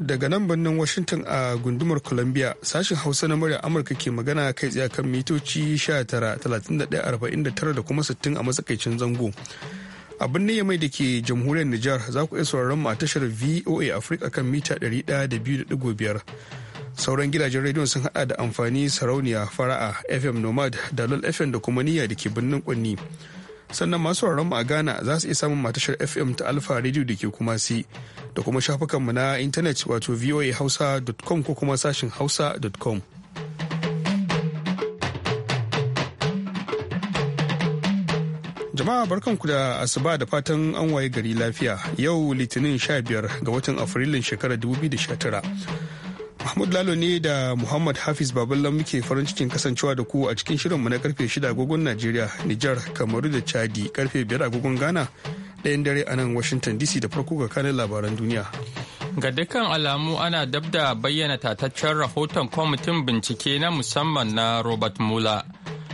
daga nan birnin Washington a gundumar Columbia sashin Hausa na murya Amurka ke magana kai tsaye kan mitoci 19,31,49 da kuma 60 a matsakaicin zango. A birnin mai da ke jamhuriyar Nijar za ku iya sauraron a tashar VOA Africa kan mita 102.5. Sauran gidajen rediyon sun hada da amfani sarauniya fara'a FM Nomad, Dalol FM da kuma niyya da ke birnin kunni. sannan masu mu a ghana za su iya samun matashar fm ta alpha radio da ke kuma si da kuma shafukanmu na intanet wato voahausa.com ko kuma sashin hausa.com jama'a barkanku da asuba da fatan an waye gari lafiya yau litinin 15 ga watan afrilun shekarar 2019 Mahmud Lalo ne da Muhammad Hafiz Baballa muke farin cikin kasancewa da ku a cikin shirinmu na karfe 6 agogon Najeriya, Nijar, Kamaru da Chadi karfe 5 agogon Ghana ɗayan dare a nan Washington DC da farko ga kanin labaran duniya. Ga dukkan alamu ana dab da bayyana tataccen rahoton kwamitin bincike na musamman na Robert Mueller.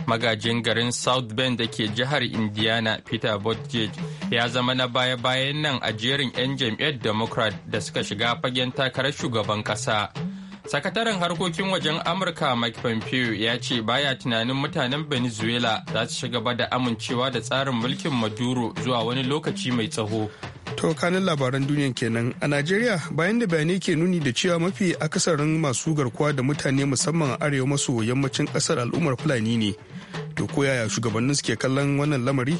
Magajin garin South Bend da ke jihar Indiana Peter Buttigieg ya zama na baya-bayan nan a jerin 'yan jam'iyyar Democrat da suka shiga fagen takarar shugaban ƙasa. sakataren harkokin wajen amurka mike pompeo ya ce baya tunanin mutanen venezuela za su shiga da amincewa da tsarin mulkin maduro zuwa wani lokaci mai tsaho to kanin labaran duniyan kenan a najeriya bayan da bayanai ke nuni da cewa mafi akasarin masu garkuwa da mutane musamman a arewa maso yammacin kasar al'ummar fulani ne to koyaya shugabannin suke kallon wannan lamari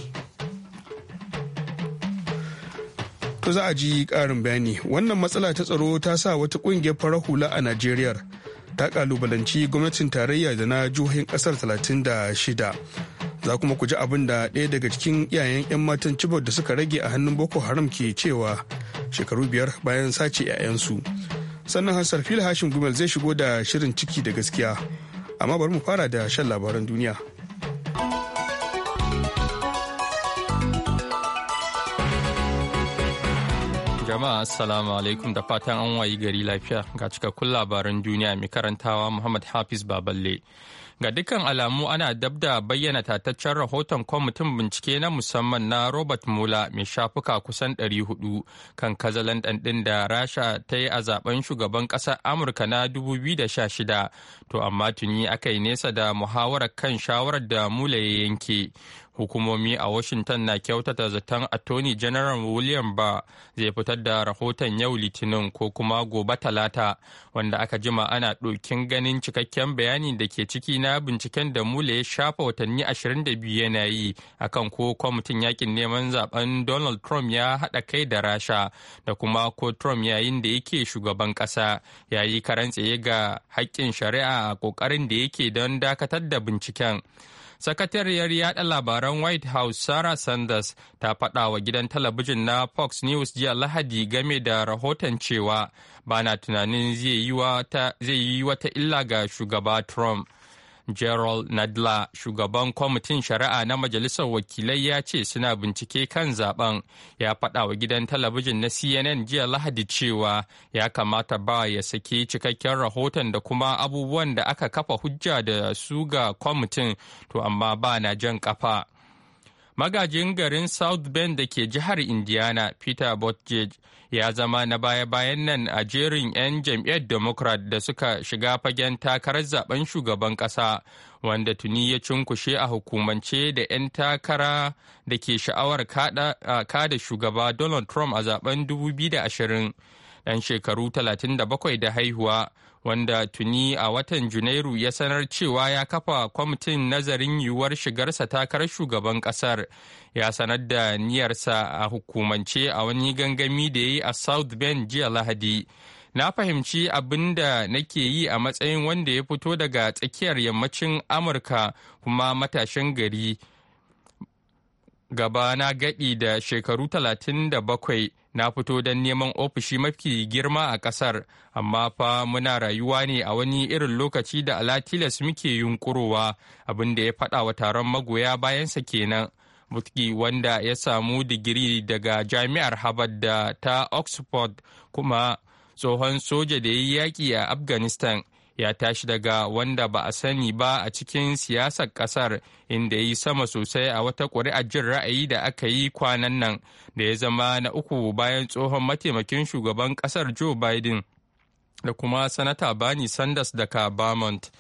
To za a ji karin bayani. Wannan matsala ta tsaro ta sa wata kungiyar farar hula a Najeriya ta ƙalubalanci gwamnatin tarayya da na jihohin ƙasar 36. Za kuma ku ji abin da ɗaya daga cikin iyayen 'yan matan Chibok da suka rage a hannun Boko Haram ke cewa shekaru biyar bayan sace 'ya'yansu. Sannan Hassar Fil hashin Gumel zai shigo da shirin ciki da gaskiya. Amma bari mu fara da shan labaran duniya. Jama'a Assalamu alaikum da fatan an wayi gari lafiya ga cikakkun labaran duniya mai karantawa Muhammad Hafiz Baballe. Ga dukkan alamu ana dabda bayyana tataccen rahoton kwamitin bincike na musamman na Robert Mula mai shafuka kusan 400 kan kazalan ɗin da Rasha ta yi a zaben shugaban ƙasar Amurka na 2016. To amma tuni aka yi nesa da muhawarar kan shawarar da Mula ya yanke. hukumomi a washington na kyautata zaton attorney general william ba zai fitar da rahoton yau litinin ko kuma gobe talata wanda aka jima ana ɗokin ganin cikakken bayani da ke ciki na binciken da mule ya shafa watanni 22 yana yi akan ko kwamitin yakin neman zaben donald trump ya haɗa kai da rasha da kuma ko trump yayin da yake shugaban ƙasa ya yi tsaye ga haƙƙin shari'a a ƙoƙarin da yake don dakatar da binciken Sakatariyar yaɗa labaran White House Sarah Sanders ta faɗa wa gidan talabijin na Fox News jiya Lahadi game da rahoton cewa ba na tunanin zai yi wata illa ga shugaba Trump. gerald nadler shugaban kwamitin shari'a na majalisar wakilai ya ce suna bincike kan zaben ya faɗa wa gidan talabijin na cnn jiya lahadi cewa ya kamata ba ya sake cikakken rahoton da kuma abubuwan da aka kafa hujja da su ga kwamitin to amma ba na jan kafa Magajin garin South Bend da ke jihar Indiana, Peter Buttigieg, ya zama na baya-bayan nan a jerin 'yan jam'iyyar Democrat da suka shiga fagen takarar zaben shugaban kasa wanda tuni ya cunkushe a hukumance da 'yan takara da ke sha'awar kada shugaba Donald Trump a zaben 2020. ɗan shekaru 37 da haihuwa wanda tuni a watan Junairu ya sanar cewa ya kafa kwamitin nazarin yiwuwar shigarsa takarar shugaban kasar ya sanar da niyarsa a hukumance a wani gangami da ya yi a South Bend jiya Lahadi. Na fahimci abin da nake yi a matsayin wanda ya fito daga tsakiyar yammacin Amurka kuma matashin gari. Gaba na gaɗi da shekaru talatin da bakwai. na fito don neman ofishi mafi girma a ƙasar amma fa muna rayuwa ne a wani irin lokaci da alatilas muke yunkurowa abin da ya faɗa wa taron magoya bayansa kenan butki wanda ya samu digiri daga jami'ar harvard da ta oxford kuma tsohon soja da ya yi yaƙi a afghanistan ya tashi daga wanda ba a sani ba a cikin siyasar kasar inda yi sama sosai a wata ƙuri'a jin ra'ayi da aka yi kwanan nan da ya zama na uku bayan tsohon mataimakin shugaban kasar joe biden da kuma sanata bani sanders daga vermont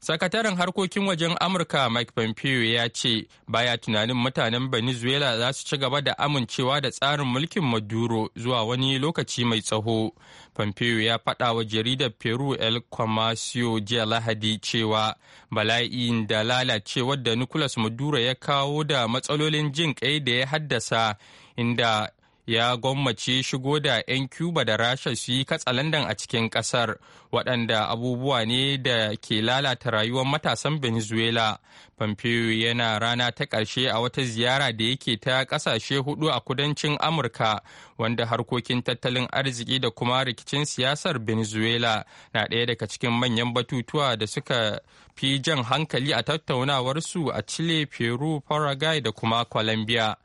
Sakataren harkokin wajen Amurka Mike Pompeo ya ce baya tunanin mutanen Venezuela za su ci gaba da amincewa da tsarin mulkin Maduro zuwa wani lokaci mai tsaho. Pompeo ya faɗa wa jaridar Peru El Comercio jiya Lahadi cewa bala'in da lalacewar da Nicolas Maduro ya kawo da matsalolin jin kai da ya haddasa inda ya gwammace shigo da 'yan Cuba da Rasha su yi katsalandan a cikin kasar waɗanda abubuwa ne da ke lalata rayuwar matasan Venezuela. Pompeo yana rana ta ƙarshe a wata ziyara da yake ta ƙasashe hudu a kudancin Amurka wanda harkokin tattalin arziki da kuma rikicin siyasar Venezuela na ɗaya daga cikin manyan batutuwa da suka fi jan hankali a tattaunawarsu a Chile, Peru, Paraguay da kuma Colombia.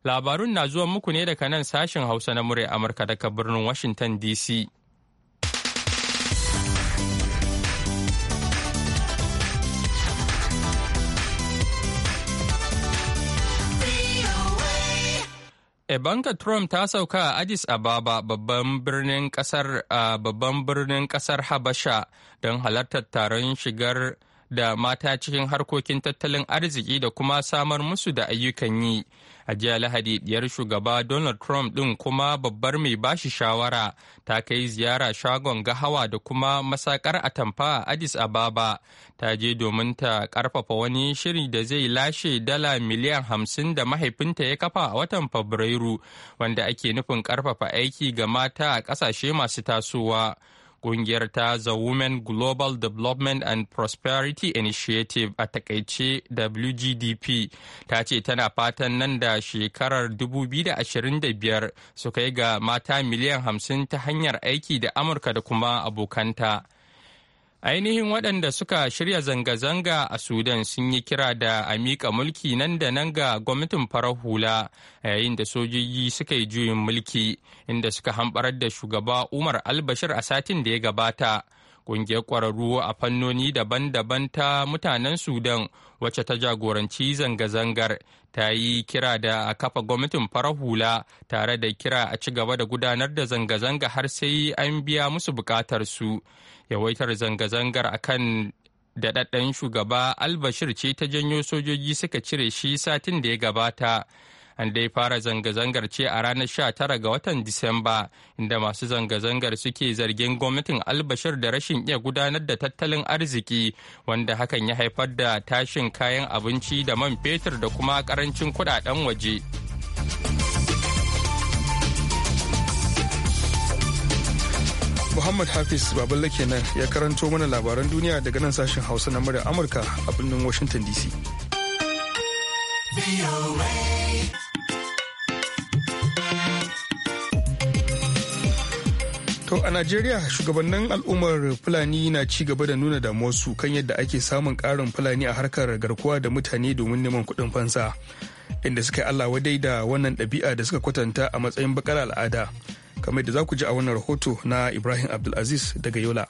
Labarun na zuwa muku ne daga nan sashen Hausa na murya Amurka daga birnin Washington DC. banka Trump ta sauka a Addis Ababa babban birnin kasar Habasha don halartar taron shigar da mata cikin harkokin tattalin arziki da kuma samar musu da ayyukan yi. A jiya Lahadi diyar shugaba Donald Trump ɗin kuma babbar mai bashi shawara ta kai ziyara shagon gahawa da kuma masakar atamfa a Addis Ababa ta je domin ta karfafa wani shiri da zai lashe dala miliyan hamsin da mahaifinta ya kafa a watan Fabrairu wanda ake nufin karfafa aiki ga mata a ƙasashe masu tasowa. Ƙungiyar ta The Women Global Development and Prosperity Initiative a takaice WGDP ta ce tana fatan nan da shekarar 2025 su kai ga mata miliyan 50 ta hanyar aiki da Amurka da kuma abokanta. ainihin waɗanda suka shirya zanga-zanga a sudan sun yi kira da a miƙa mulki nan da nan ga gwamnatin farar hula yayin da sojoji suka yi juyin mulki inda suka hamɓarar da shugaba umar albashir a satin da ya gabata Ƙungiyar ƙwararru a fannoni daban-daban ta mutanen Sudan wacce ta jagoranci zanga-zangar ta yi kira da a kafa gwamnatin farar hula tare da kira a ci gaba da gudanar da zanga-zanga har sai an biya musu su Yawaitar zanga-zangar a kan daɗaɗɗen shugaba Albashir ce ta janyo sojoji suka cire shi satin da ya gabata. an ya fara zanga-zangar ce a ranar 19 ga watan disamba inda masu zanga-zangar suke zargin gwamnatin albashir da rashin iya gudanar da tattalin arziki wanda hakan ya haifar da tashin kayan abinci da man fetur da kuma karancin kudaden waje. Muhammad Hafiz Baballe kenan ya karanto mana labaran duniya daga nan sashen Hausa na murya Amurka a birnin Washington DC. To a Najeriya shugabannin al'ummar Fulani na ci gaba da nuna damuwarsu kan yadda ake samun ƙarin Fulani a harkar garkuwa da mutane domin neman kuɗin fansa. Inda suka yi Allah wadai da wannan ɗabi'a da suka kwatanta a matsayin bakar al'ada. Kamar da za ku ji a wannan rahoto na Ibrahim Abdulaziz daga Yola.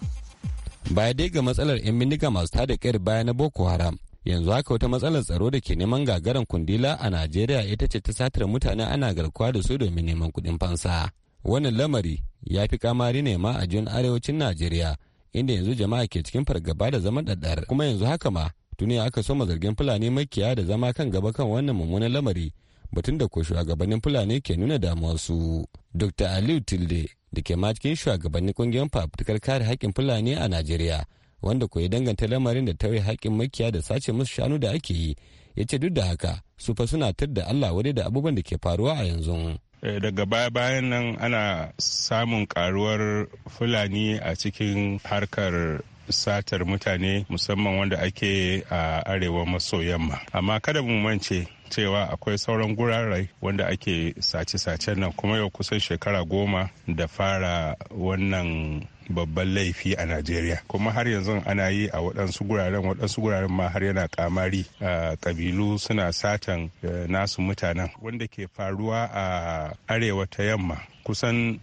Baya dai ga matsalar 'yan bindiga masu tada kyar baya na Boko Haram. Yanzu haka wata matsalar tsaro da ke neman gagarin kundila a Najeriya ita ce ta satar mutane ana garkuwa da su domin neman kuɗin fansa. wannan lamari ya fi kamari ne ma a jin arewacin najeriya inda yanzu jama'a ke cikin fargaba da zaman ɗaɗɗar kuma yanzu haka ma tuni aka soma zargin fulani makiya da zama kan gaba kan wannan mummunan lamari batun da ko shugabannin fulani ke nuna damuwarsu dr aliyu tilde da ke ma cikin shugabannin kungiyar fafutukar kare haƙƙin fulani a najeriya wanda ko ya danganta lamarin da tauye haƙƙin makiya da sace musu shanu da ake yi ya ce duk da haka su fa suna tadda allah wadai da abubuwan da ke faruwa a yanzu Eh, daga baya-bayan nan ana samun karuwar fulani a cikin harkar satar mutane musamman wanda ake a arewa maso yamma amma kada mu mance cewa akwai sauran gurare wanda ake sace sace nan kuma yau kusan shekara goma da fara wannan babban laifi a najeriya kuma har yanzu ana yi a waɗansu guraren waɗansu guraren ma har yana kamari kabilu suna satan e, nasu mutanen wanda ke faruwa a arewa ta yamma kusan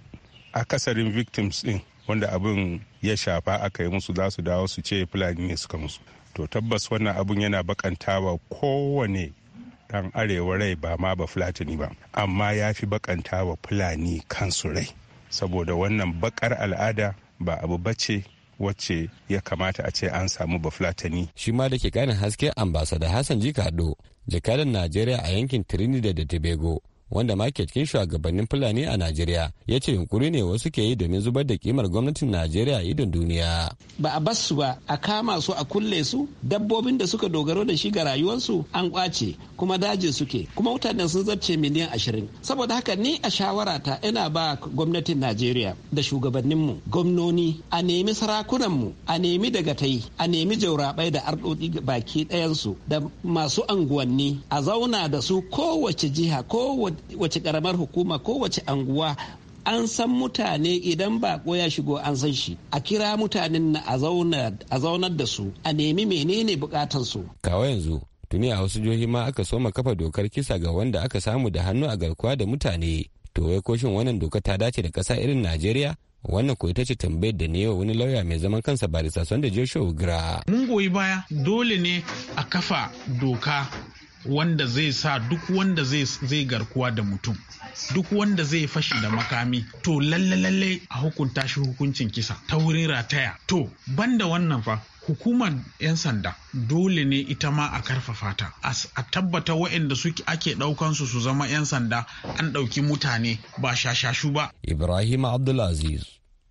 akasarin victims din wanda abin ya shafa aka yi musu za su dawo su ce fulani ne suka musu to tabbas wannan abin yana bakantawa kowane dan arewa rai ba ma ba fulatani ba amma ya fi bakantawa fulani kansu rai saboda wannan bakar al'ada ba abu bace wacce ya kamata a ce an samu bafulatani. Shi ma da ke kanin haske ambasada Hassan Jikado, jakadan Najeriya a yankin Trinidad da Tobago, wanda market kin shugabannin fulani a najeriya ya ce yunkuri ne wasu ke yi domin zubar da kimar gwamnatin najeriya a idon duniya ba a basu ba a kama su a kulle su dabbobin da suka dogaro da shi ga rayuwarsu an kwace kuma daji suke kuma mutanen sun zarce miliyan ashirin saboda haka ni a shawarata ina ba gwamnatin najeriya da shugabannin mu. gwamnoni a nemi sarakunan mu a nemi daga dagatai a nemi jaurabai da arɗoɗi baki ɗayansu da masu anguwanni a zauna da su kowace jiha kowace wace karamar hukuma ko wace anguwa an san mutane idan bako ya shigo an san shi a kira mutanen na a zaunar da su a nemi menene bukatan su kawa yanzu tuni a wasu jihohi ma aka soma kafa dokar kisa ga wanda aka samu da hannu a garkuwa da mutane to wai koshin wannan doka ta dace da kasa irin najeriya wannan ko ita ce tambayar da ne wani lauya mai zaman kansa barista da joshua gra mun goyi baya dole ne a kafa doka wanda zai sa duk wanda zai garkuwa da mutum duk wanda zai fashi da makami to lalle lalle a hukunta shi hukuncin kisa ta wurin rataya to banda wannan fa hukumar 'yan sanda dole ne ita ma a karfafa ta a tabbata waɗanda suke ake ɗaukansu su zama 'yan sanda an ɗauki mutane ba shashashu ba ibrahim abdulaziz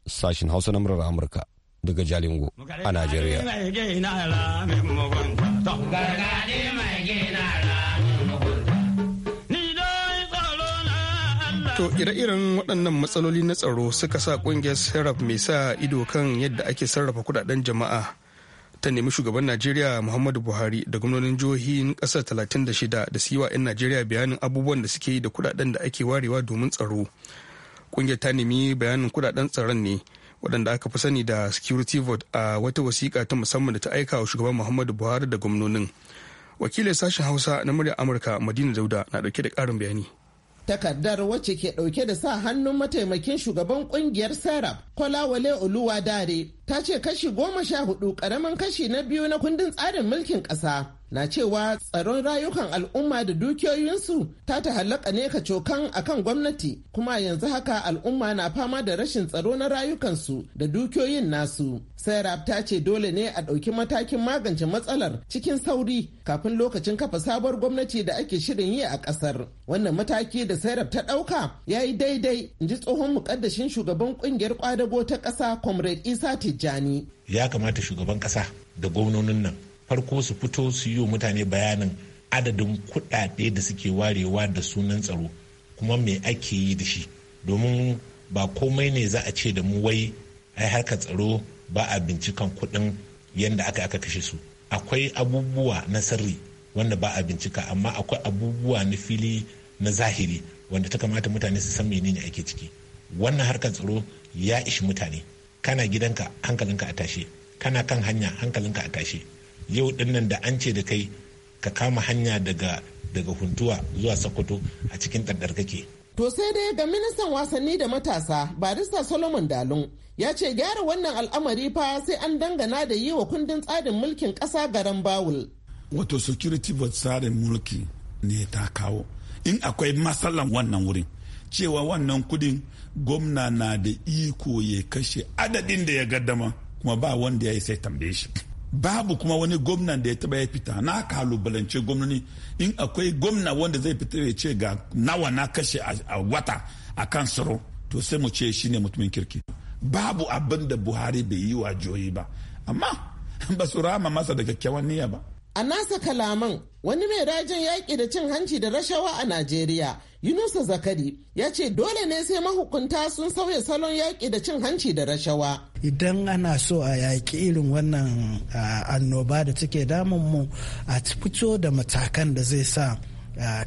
sashin hausa na murar amurka daga jalingo a najeriya To ire-iren waɗannan matsaloli na tsaro suka sa ƙungiyar serap mai sa ido kan yadda ake sarrafa kudaden jama'a ta nemi shugaban Najeriya Muhammadu Buhari da gwamnonin jihohin ƙasar 36 da su yi wa 'yan Najeriya bayanin abubuwan da suke yi da kudaden da ake warewa domin tsaro. Ƙungiyar ta nemi bayanin kudaden tsaron ne waɗanda aka fi sani da security vote a wata wasiƙa ta musamman da ta aika wa shugaban muhammadu buhari da gwamnonin wakilin sashen hausa na murya amurka madina dauda na ɗauke da ƙarin bayani takardar wacce ke ɗauke da sa hannun mataimakin shugaban kungiyar serap kolawale dare ta ce kashi goma sha hudu karamin kashi na biyu na kundin tsarin mulkin ƙasa na cewa tsaron rayukan al'umma da dukiyoyinsu ta tahallaka ne ka cokan kan gwamnati kuma yanzu haka al'umma na fama da rashin tsaro na rayukansu da dukiyoyin nasu sai ta ce dole ne a ɗauki matakin magance matsalar cikin sauri kafin lokacin kafa sabuwar gwamnati da ake shirin yi a ƙasar wannan mataki da sai ta ɗauka ya yi daidai in ji tsohon muƙaddashin shugaban ƙungiyar ƙwadago ta ƙasa comrade isa tijjani ya kamata shugaban ƙasa da gwamnonin nan farko su fito su yi wa mutane bayanin adadin kuɗaɗe da suke warewa da sunan tsaro kuma me ake yi da shi domin ba komai ne za a ce da mu wai ai harkar tsaro ba a bincikan kuɗin yadda aka aka kashe su akwai abubuwa na sirri wanda ba a bincika amma akwai abubuwa na fili na zahiri wanda ta kamata mutane su san menene ake ciki wannan harkar tsaro ya ishi mutane kana gidanka hankalinka a tashe kana kan hanya hankalinka a tashe yau dinnan da an ce da kai ka kama hanya daga daga huntuwa zuwa sokoto a cikin ɗaɗɗar kake To sai dai ga ministan wasanni da matasa barista Solomon Dalun ya ce gyara wannan al'amari fa sai an dangana da yi wa kundin tsarin mulkin ƙasa garan bawul. Wato security vote tsarin mulki ne ta kawo. In akwai matsalan wannan wurin cewa wannan kudin gwamna na da iko ya kashe adadin da ya gaddama kuma ba wanda ya yi sai tambaye shi. babu kuma wani gwamnan da ya taba ya fita na kalubalance gwamnani in akwai gwamna wanda zai fita ya ce ga nawa na kashe a wata a kan tsaro to sai mu ce shine mutumin kirki babu abin da buhari bai yi wa joyi ba amma ba su rama masa da kyakkyawan niyya ba a nasa kalaman wani mai rajin yaƙi da cin hanci da rashawa a najeriya yunusa zakari ya ce dole ne sai mahukunta sun sauya salon yaƙi da cin hanci da rashawa idan ana so a yaƙi irin wannan annoba da take damunmu a fito da matakan da zai sa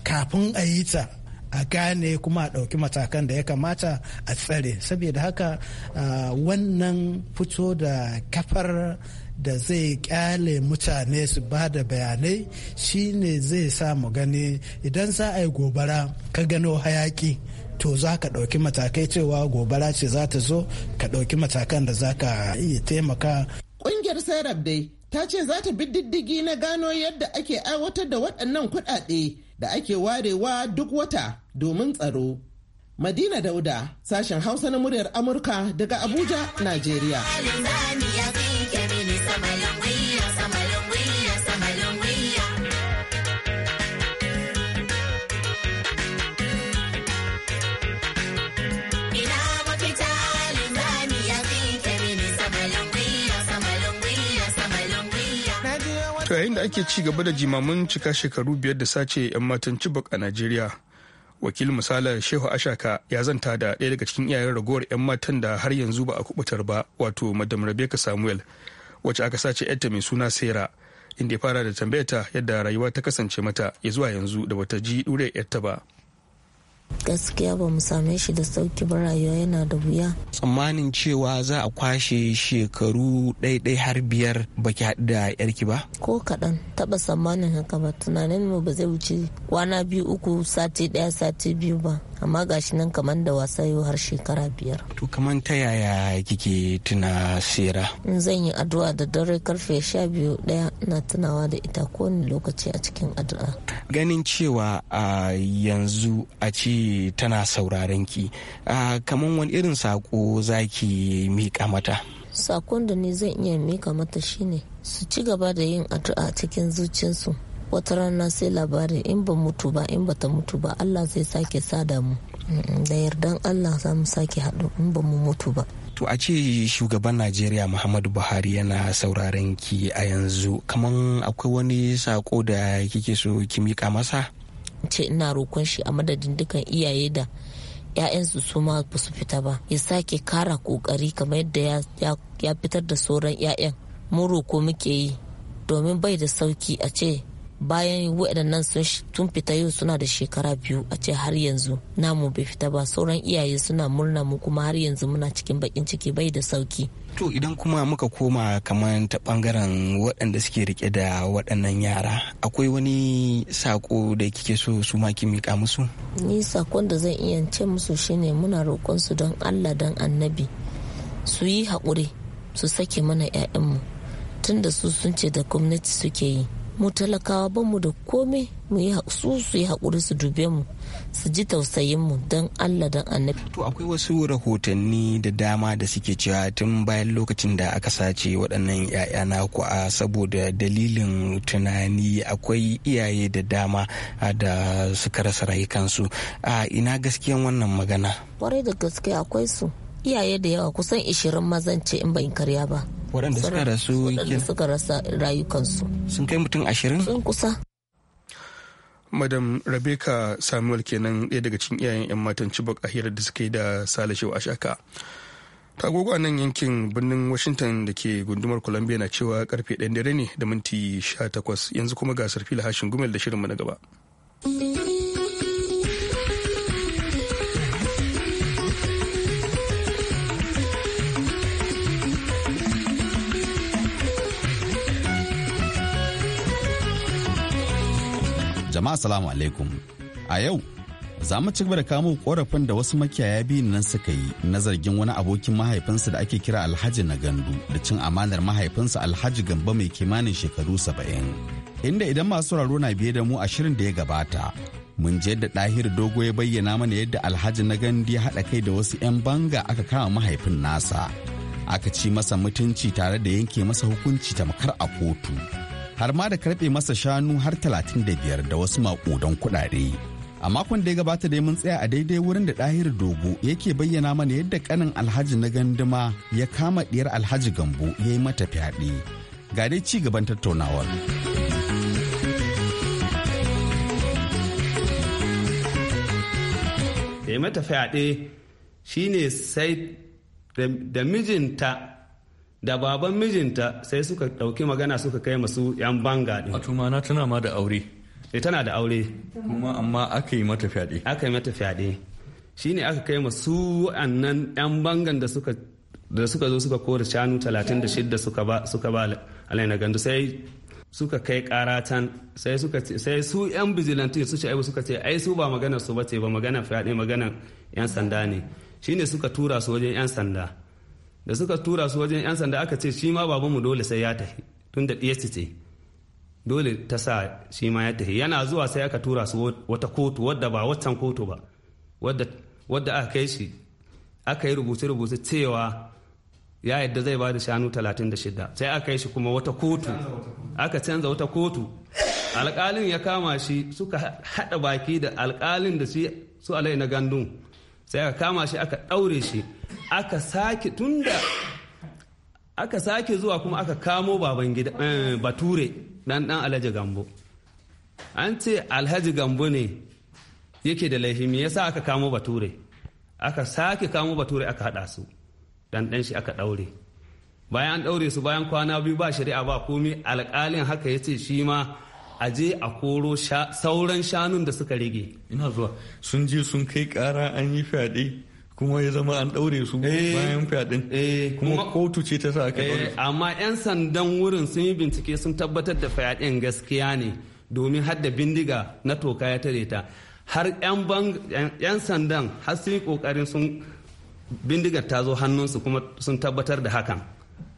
kafin a yi ta a gane kuma a ɗauki matakan da ya kamata a tsare saboda haka wannan fito da kafar da zai kyale mutane su ba da bayanai shine zai sa mu gani idan za a yi gobara ka gano hayaki to za ka ɗauki matakai cewa gobara ce za ta zo ka ɗauki matakan da za ka iya taimaka. Ƙungiyar Sarab dai ta ce za ta bi diddigi na gano yadda ake aiwatar da waɗannan kuɗaɗe da ake warewa duk wata domin tsaro. Madina Dauda, sashen Hausa na muryar Amurka daga Abuja, Najeriya. da ake ci gaba da jimamin cika shekaru biyar da sace 'yan matan cibok a Najeriya. Wakil misalar Shehu Ashaka ya zanta da ɗaya daga cikin iyayen ragowar 'yan matan da har yanzu ba a kubutar ba wato Madam Rebecca Samuel wacce aka sace 'yarta mai suna Sera inda ya fara da tambayata yadda rayuwa ta kasance mata ya zuwa yanzu da bata ji ɗure 'yarta ba. gaskiya ba mu same shi da sauki ba rayuwa yana da wuya tsammanin cewa za a kwashe shekaru ɗaiɗai har biyar ba ki haɗu da yarki ba ko kaɗan taɓa tsammanin haka ba tunanin mu ba zai wuce kwana biyu uku sati ɗaya sati biyu ba amma gashi nan kamar da wasa yau har shekara biyar to kamar ta yaya kike tuna sera in zan yi addu'a da dare karfe sha biyu ɗaya na tunawa da ita kowane lokaci a cikin addu'a ganin cewa a yanzu a ce tana sauraron ki kamar wani irin sako za ki miƙa mata sakon da ne zan iya mika mata shine su ci gaba da yin addu'a cikin zuciyarsu wata rana sai labarin in ba mutu ba in ba ta mutu ba allah zai sake sada mu da yardan allah za mu sake haɗu in ba mu mutu ba to a ce shugaban najeriya muhammadu buhari yana sauraren ki a yanzu kaman akwai wani sako da kike so ki mika masa ce ina rokon shi a madadin dukan iyaye da 'ya'yansu su ma ba su fita ba ya sake kara kokari kamar yadda ya fitar da sauran 'ya'yan mun roko muke yi domin bai da sauki a ce bayan waɗannan sun fita yau suna da shekara biyu a ce har yanzu namu bai fita ba sauran iyaye suna murna mu kuma har yanzu muna cikin bakin ciki bai da sauki to idan kuma muka koma kamar ta bangaren waɗanda suke rike da waɗannan yara akwai wani sako da kike so su ma ki mika musu ni sakon da zan iya ce musu shine muna roƙon su don allah don annabi su yi haƙuri su sake mana 'ya'yanmu tunda su sun ce da gwamnati suke yi mu talakawa ba mu da komai mu yi su su yi haƙuri su dube mu su ji tausayin mu don Allah don annabi. To akwai wasu rahotanni da dama da suke cewa tun bayan lokacin da aka sace waɗannan 'ya'ya naku a saboda dalilin tunani akwai iyaye da dama da suka rasa rayukansu a ina gaskiyan wannan magana. Kwarai da gaske akwai su iyaye da yawa kusan ishirin mazan ce in ban karya ba. waɗanda suka rasu rasa rayukansu sun kai mutum ashirin sun kusa madam rebecca samuel kenan ɗaya daga cikin iyayen 'yan matan cibok a hirar da suka yi da sale shehu ashaka tagogo a nan yankin birnin washington da ke gundumar columbia na cewa karfe 1 dare ne da minti 18 yanzu kuma gasar fila hashin gumel da shirinmu na gaba. Jama'a salamu alaikum. A yau za mu ci gaba da kamo korafin da wasu makiyaya biyun nan suka yi na zargin wani abokin mahaifinsa da ake kira alhaji na gandu da cin amanar mahaifinsa alhaji gamba mai kimanin shekaru saba'in inda idan masu raro na biye da mu a shirin da ya gabata mun je yadda ɗahir dogo ya bayyana mana yadda alhaji na gandu ya haɗa kai da wasu 'yan banga aka kama mahaifin nasa aka ci masa mutunci tare da yanke masa hukunci tamkar a kotu har ma da karɓe masa shanu har talatin da biyar da wasu maƙudan kuɗaɗe. A makon da ya gabata dai mun tsaya a daidai wurin da ɗahir dogo yake bayyana mana yadda kanin alhaji na ganduma ya kama ɗiyar alhaji gambo ya yi mata fyaɗe. Ga dai ci gaban tattaunawar. Ya yi mata fyaɗe shine sai da mijinta da baban mijinta sai suka ɗauki magana suka kai masu 'yan banga ɗin. Wato mana tana ma da aure. E tana da aure. Kuma amma aka yi mata fyaɗe. Aka yi mata fyaɗe. Shi ne aka kai masu wa'annan 'yan bangan da suka da suka zo suka kore shanu 36 suka ba suka ba alaina gandu sai suka kai karatan sai suka sai su yan bijilantin su shaibu suka ce ai su ba magana su bace ba magana fyaɗe magana yan sanda ne shine suka tura su wajen yan sanda da suka tura su wajen 'yan sanda aka ce shi ma babanmu dole sai ya tafi tun da ce dole ta sa shi ma ya tafi yana zuwa sai aka tura su wata kotu wadda ba waccan kotu ba wadda aka kai shi aka yi rubuce-rubuce cewa ya yadda zai ba da shanu 36 sai aka yi shi kuma wata kotu aka canza wata kotu alƙalin ya kama shi suka haɗa baki da alƙalin da su alai na gandun sai aka kama shi aka ɗaure shi aka sake tunda aka sake zuwa kuma aka kamo baban gida eh, bature dan dan alhaji gambo an ce alhaji gambo ne yake da laifi me yasa aka kamo bature aka sake kamo bature aka hada su dan dan shi aka ɗaure bayan an daure su bayan kwana biyu ba shari'a ba komi alƙalin haka ya ce shi ma a je a koro sauran shanun da suka rage ina zuwa sun je sun kai kara an yi fyaɗe kuma ya zama an ɗaure su eh, bayan fyaɗin eh, kuma kotu ce ta sa aka ɗaure eh, amma 'yan sandan wurin sun yi bincike sun tabbatar da fyaɗin gaskiya ne domin har da bindiga na toka ya tare ta har 'yan sandan har sun yi ƙoƙarin sun bindigar ta zo hannunsu kuma sun tabbatar da hakan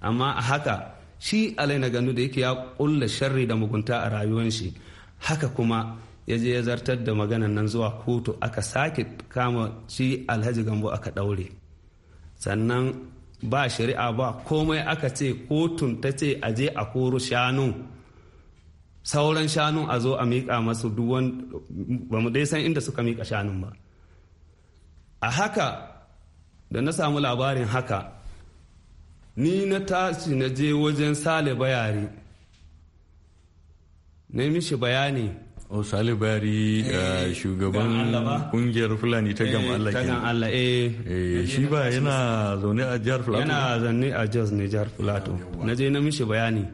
amma a haka shi alai na ganu da yake ya kulla sharri da mugunta a rayuwar shi haka kuma ya je ya zartar da maganan nan zuwa kotu aka sake kama shi alhaji gambo aka daure sannan ba shari'a ba komai aka ce kotun ta ce a je a koro shanu sauran shanun a zo a miƙa masu duwan ba mu dai san inda suka miƙa shanun ba a haka da na samu labarin haka ni na tashi na je wajen sale bayari na mishi bayani o sale bayari eh, shugaban kungiyar fulani ta gama eh, allah ta gam allah eh, eh shi ba yana zaune a jihar fulato yana zaune a jos ne jihar fulato na je na mishi bayani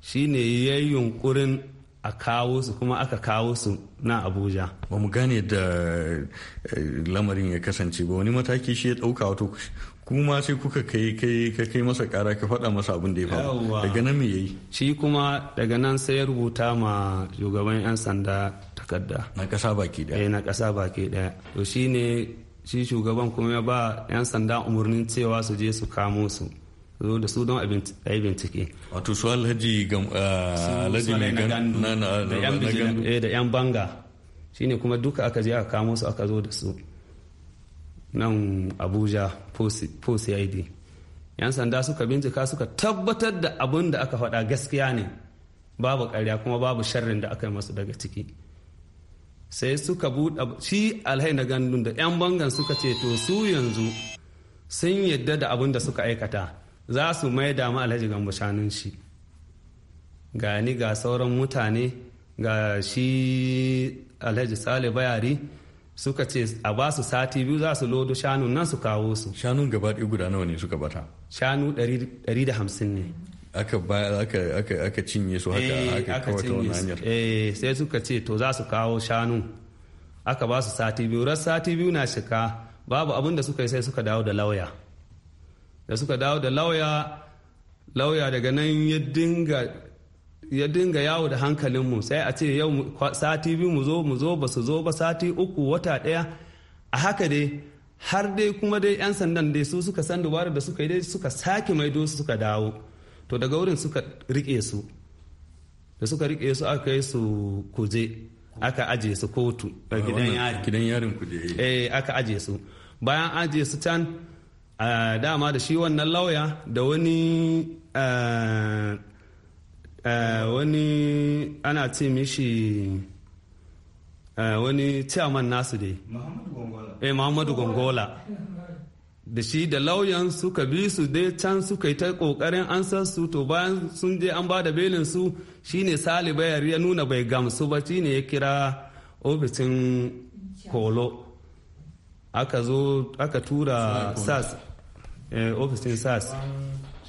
shi ne ya yi yunkurin a kawo su kuma aka kawo su na abuja ba mu gane da lamarin ya kasance ba wani mataki shi ya ɗauka wato kuma sai kuka kai kai ka kai masa kara ka faɗa masa abin da ya faru daga nan me yayi shi kuma daga nan sai ya rubuta ma shugaban yan sanda takarda na ƙasa baki ɗaya. Eh, na ƙasa baki ɗaya to shine shi shugaban kuma ya ba yan sanda umarnin cewa su je su kamo su zo da su don a yi bincike. Wato su alhaji ah, alhaji mai gandu da yan eh, banga shine kuma duka aka je aka kamo su aka zo da su. nan abuja post id yan sanda suka bincika suka tabbatar da abin da aka faɗa gaskiya ne babu ƙarya kuma babu sharrin da aka yi masu daga ciki sai suka buɗe shi alhai na gandun da 'yan bangan suka ce to su yanzu sun yadda da abin da suka aikata za su mai da alhaji gambo shanun shi ga ga sauran mutane ga shi alhaji sale bayari suka ce a ba su sati biyu za su lodo shanu nan su kawo su shanun gaba ɗaya guda nawa ne suka bata shanu 150 ne aka ne. aka cinye su haka eh, aka kawo ta wannan hanyar eh, sai suka ce to za su kawo shanu aka ba su sati biyu ran sati biyu na shika babu abin da suka yi sai suka dawo da lauya da suka dawo da lauya lauya daga nan ya dinga ya dinga yawo da hankalinmu sai a ce yau sati biyu mu zo mu zo ba su zo ba sati uku wata ɗaya a haka dai har dai kuma dai 'yan sandan dai su suka san dubarar da suka yi dai suka sake maido su suka dawo to daga wurin suka rike su da suka rike su aka yi su kuje aka aje su kotu a gidan yarin kuje eh. eh aka aje su bayan aje su can dama da shi wannan lauya da wani eh, Eh, wani ana ce mishi eh, wani chairman nasu dai eh muhammadu gongola da shi da lauyan suka bi su dai can suka yi ta kokarin an san su to bayan sun je an ba da belin su shine sali bayar ya nuna bai gamsu ba shine ya kira ofisin kolo aka zo aka tura sas eh, ofisin sas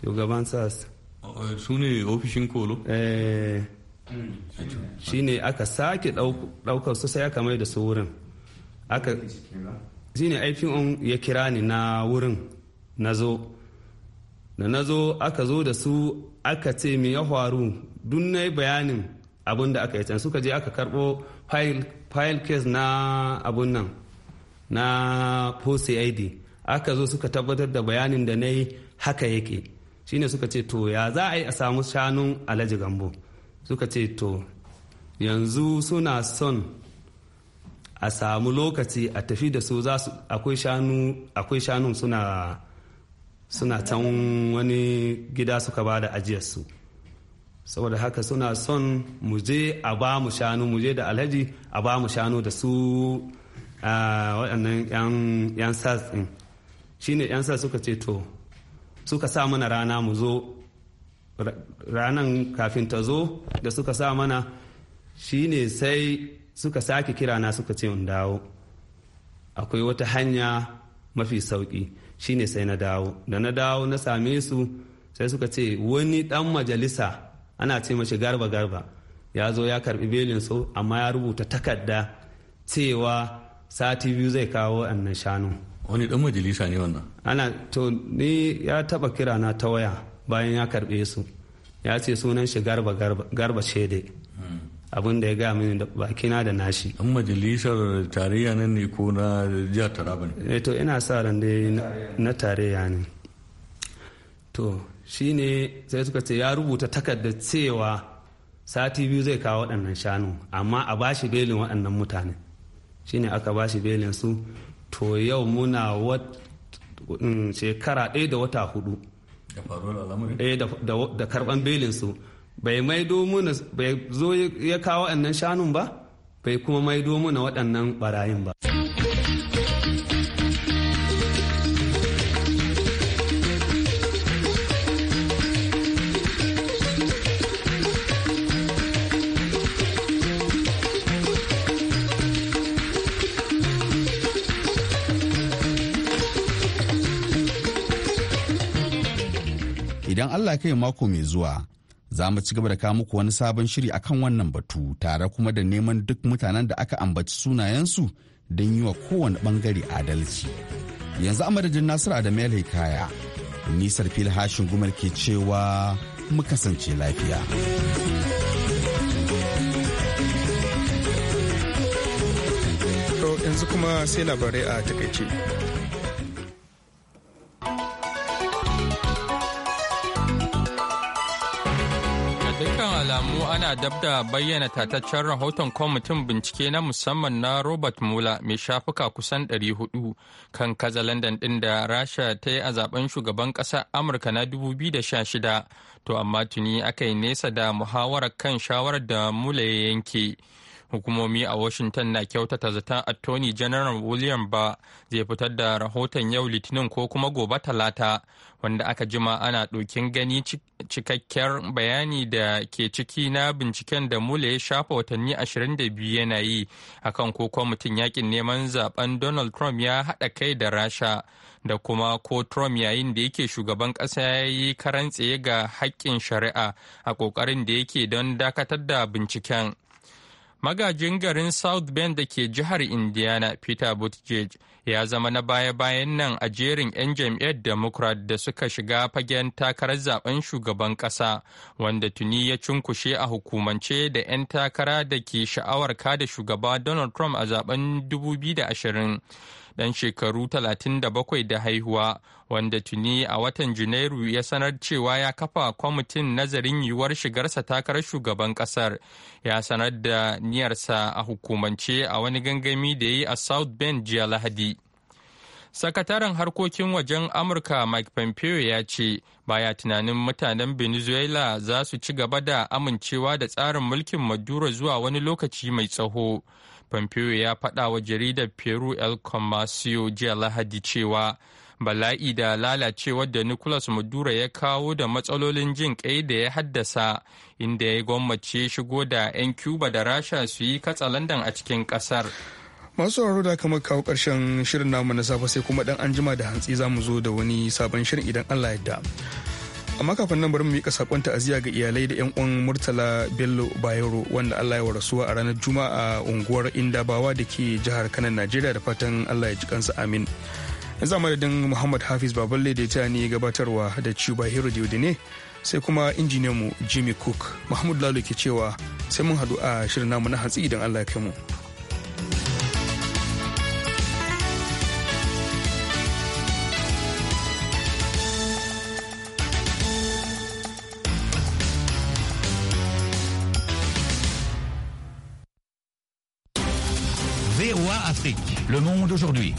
shugaban sas Eh, su ne ofishin kolo? Eh, shi ne aka sake ɗaukar su sai aka mai da su wurin shi ne on ya kira ni na wurin na zo da na zo aka zo da su aka ce me ya faru dunnai bayanin abin da aka yi can suka je aka karbo file case na abun nan na post id aka zo suka tabbatar da bayanin da na yi haka yake shine suka ce to ya za a yi a samu shanun alhaji gambo suka ce to yanzu suna son a samu lokaci a tafi da su za su akwai shanu akwai shanun suna suna can wani gida suka ba da ajiyarsu saboda haka suna son mu je a ba mu shanu mu je da alhaji a ba mu shanu da su ah, waɗannan 'yan sas ɗin shine 'yan sas suka ce to suka sa mana rana mu zo ranan kafin ta zo da suka sa mana shine sai suka sake kira na suka ce in dawo akwai wata hanya mafi sauki shine sai na dawo da na dawo na same su sai suka ce wani dan majalisa ana ce mashi garba garba ya zo ya karbi belin su amma ya rubuta takarda cewa sati biyu zai kawo annan shanu wani dan majalisa ne wannan ana to ni ya taba kira na ta waya bayan ya karbe su ya ce sunan shi garba garba shede hmm. abin da ya gaya mini da bakina da nashi an majalisar tarayya nan ne ko na jihar taraba ne eh, to ina sa ran dai na tarayya ne to shine sai suka ce ya rubuta takardar cewa sati biyu zai kawo waɗannan shanu amma a bashi belin waɗannan mutane shine aka bashi belin su to yau muna mm, shekara ɗaya da wata hudu da eh, karban su bai maido bai zo ya kawo waɗannan shanun ba bai kuma maido mana waɗannan barayin ba. idan Allah kai mako mai zuwa za mu ci gaba da kawo muku wani sabon shiri akan wannan batu tare kuma da neman duk mutanen da aka ambaci sunayensu don yi wa kowane bangare adalci yanzu a madadin nasiru adamu kaya nisar fil hashin gumar ke cewa mu kasance lafiya yanzu kuma sai labarai a takaice dab da bayyana tataccen rahoton kwamitin bincike na musamman na Robert Mueller mai shafuka kusan 400 kan kazalandan ɗin da Rasha ta yi a zaben shugaban ƙasar Amurka na 2016, to amma tuni aka yi nesa da muhawarar kan shawarar da Mueller ya yanke. hukumomi a washington na kyautata zaton tony general william ba zai fitar da rahoton yau litinin ko kuma gobe talata wanda aka jima ana ɗokin gani cikakkiyar bayani da ke ciki na binciken da mule ya shafa watanni 22 yana yi akan ko mutum yakin neman zaben donald trump ya haɗa kai da rasha da kuma ko trump yayin da yake shugaban ƙasa ya yi karantse ga haƙƙin shari'a a ƙoƙarin da yake don dakatar da binciken magajin garin south bend da ke jihar indiana peter buttigieg ya zama na baya-bayan nan a jerin 'yan jam'iyyar democrat da suka shiga fagen takarar zaben shugaban kasa wanda tuni ya cunkushe a hukumance da 'yan takara da ke sha'awar kada shugaba donald trump a zaben 2020 dan shekaru 37 da haihuwa wanda tuni a watan Janairu ya sanar cewa ya kafa kwamitin nazarin yiwuwar shigarsa takarar shugaban kasar ya sanar da niyarsa a hukumance a wani gangami da yi a South Bend jiya Lahadi. sakataren harkokin wajen amurka mike pompeo ya ce baya tunanin mutanen venezuela za su ci gaba da amincewa da tsarin mulkin maduro zuwa wani lokaci mai tsaho pompeo ya faɗa wa jaridar peru el comercio jiya lahadi cewa bala'i da lalacewar da nicolas maduro ya kawo da matsalolin jin kai da ya haddasa inda ya gwammace shigo da 'yan cuba da rasha su yi katsalandan a cikin kasar masu sauraro da kamar kawo ƙarshen shirin namu na safe sai kuma dan anjima da hantsi za mu zo da wani sabon shirin idan allah yadda amma kafin nan bari mu miƙa sakon ta'aziyya ga iyalai da 'yan uwan murtala bello bayero wanda allah ya warasuwa a ranar juma'a a unguwar indabawa da ke jihar kanan najeriya da fatan allah ya ji kansa amin yanzu madadin muhammad hafiz baballe da ta ne gabatarwa da cuba hero ne sai kuma injiniyan mu jimmy cook mahmud lalo ke cewa sai mun haɗu a shirin namu na hatsi idan allah ya kai mu. d'aujourd'hui. aujourd'hui.